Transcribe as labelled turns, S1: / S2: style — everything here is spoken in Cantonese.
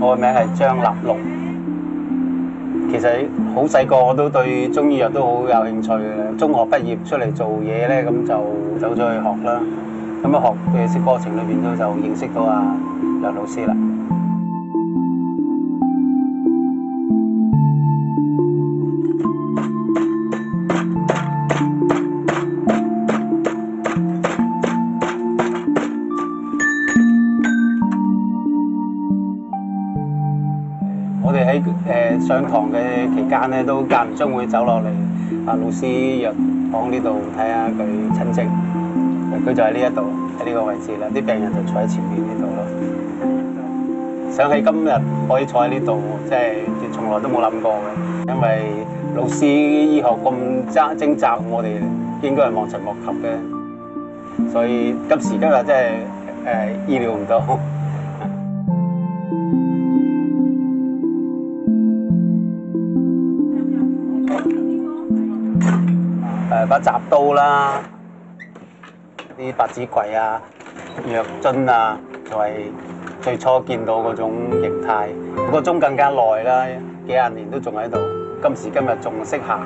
S1: 我嘅名係張立龍，其實好細個我都對中醫藥都好有興趣嘅。中學畢業出嚟做嘢咧，咁就走咗去學啦。咁喺學嘅過程裏邊都就認識到阿梁老師啦。我哋喺誒上堂嘅期間咧，都間唔中會走落嚟。阿老師入房呢度睇下佢親戚，佢就喺呢一度喺呢個位置啦。啲病人就坐喺前面呢度咯。想起今日可以坐喺呢度，即係從來都冇諗過嘅。因為老師醫學咁爭精湛，我哋應該係望塵莫及嘅。所以今時今日，即係誒意料唔到。呃 係把鍘刀啦，啲百子櫃啊、藥樽啊，就係最初見到嗰種形態。個鐘更加耐啦，幾十年都仲喺度，今時今日仲識行。